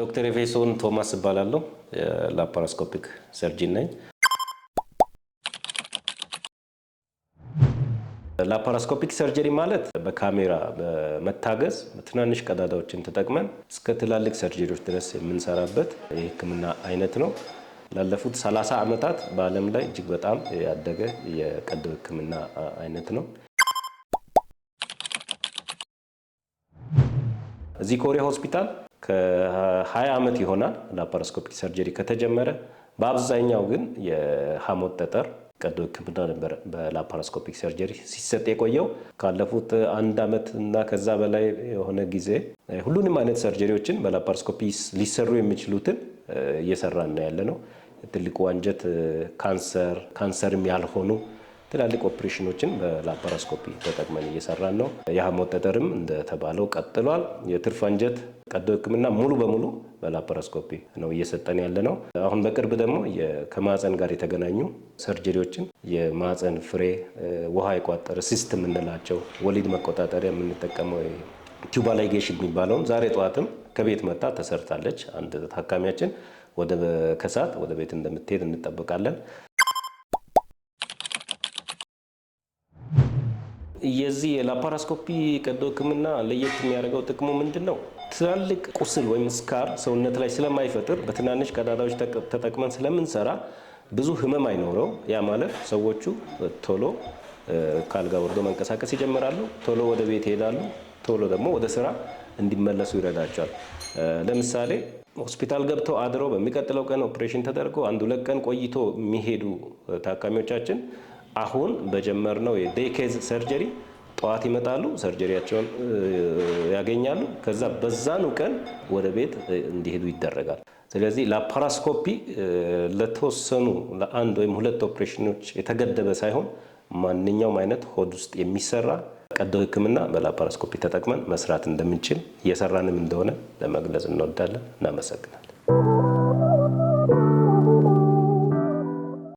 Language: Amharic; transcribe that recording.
ዶክተር ኤፌሶን ቶማስ እባላለሁ። ላፓራስኮፒክ ሰርጂን ነኝ። ላፓራስኮፒክ ሰርጀሪ ማለት በካሜራ በመታገዝ ትናንሽ ቀዳዳዎችን ተጠቅመን እስከ ትላልቅ ሰርጀሪዎች ድረስ የምንሰራበት የሕክምና አይነት ነው። ላለፉት 30 ዓመታት በዓለም ላይ እጅግ በጣም ያደገ የቀዶ ሕክምና አይነት ነው። እዚህ ኮሪያ ሆስፒታል ከሀያ ዓመት ይሆናል ላፓሮስኮፒክ ሰርጀሪ ከተጀመረ። በአብዛኛው ግን የሐሞት ጠጠር ቀዶ ሕክምና ነበር በላፓሮስኮፒክ ሰርጀሪ ሲሰጥ የቆየው። ካለፉት አንድ ዓመት እና ከዛ በላይ የሆነ ጊዜ ሁሉንም አይነት ሰርጀሪዎችን በላፓሮስኮፒ ሊሰሩ የሚችሉትን እየሰራን ያለ ነው። ትልቁ አንጀት ካንሰር፣ ካንሰርም ያልሆኑ ትላልቅ ኦፕሬሽኖችን በላፓራስኮፒ ተጠቅመን እየሰራን ነው። የሐሞት ጠጠርም እንደተባለው ቀጥሏል። የትርፍ አንጀት ቀዶ ሕክምና ሙሉ በሙሉ በላፓራስኮፒ ነው እየሰጠን ያለ ነው። አሁን በቅርብ ደግሞ ከማህፀን ጋር የተገናኙ ሰርጀሪዎችን የማህፀን ፍሬ ውሃ የቋጠረ ሲስት የምንላቸው ወሊድ መቆጣጠሪያ የምንጠቀመው ቱባላይጌሽን የሚባለውን ዛሬ ጠዋትም ከቤት መጣ ተሰርታለች። አንድ ታካሚያችን ወደ ከሰዓት ወደ ቤት እንደምትሄድ እንጠብቃለን። የዚህ የላፓራስኮፒ ቀዶ ህክምና ለየት የሚያደርገው ጥቅሙ ምንድን ነው? ትላልቅ ቁስል ወይም ስካር ሰውነት ላይ ስለማይፈጥር በትናንሽ ቀዳዳዎች ተጠቅመን ስለምንሰራ ብዙ ህመም አይኖረው። ያ ማለት ሰዎቹ ቶሎ ካልጋ ወርዶ መንቀሳቀስ ይጀምራሉ፣ ቶሎ ወደ ቤት ይሄዳሉ፣ ቶሎ ደግሞ ወደ ስራ እንዲመለሱ ይረዳቸዋል። ለምሳሌ ሆስፒታል ገብተው አድረው በሚቀጥለው ቀን ኦፕሬሽን ተደርጎ አንድ ሁለት ቀን ቆይቶ የሚሄዱ ታካሚዎቻችን አሁን በጀመርነው የዴኬዝ ሰርጀሪ ጠዋት ይመጣሉ፣ ሰርጀሪያቸውን ያገኛሉ። ከዛ በዛኑ ቀን ወደ ቤት እንዲሄዱ ይደረጋል። ስለዚህ ላፓራስኮፒ ለተወሰኑ ለአንድ ወይም ሁለት ኦፕሬሽኖች የተገደበ ሳይሆን ማንኛውም አይነት ሆድ ውስጥ የሚሰራ ቀዶ ሕክምና በላፓራስኮፒ ተጠቅመን መስራት እንደምንችል እየሰራንም እንደሆነ ለመግለጽ እንወዳለን። እናመሰግናለን።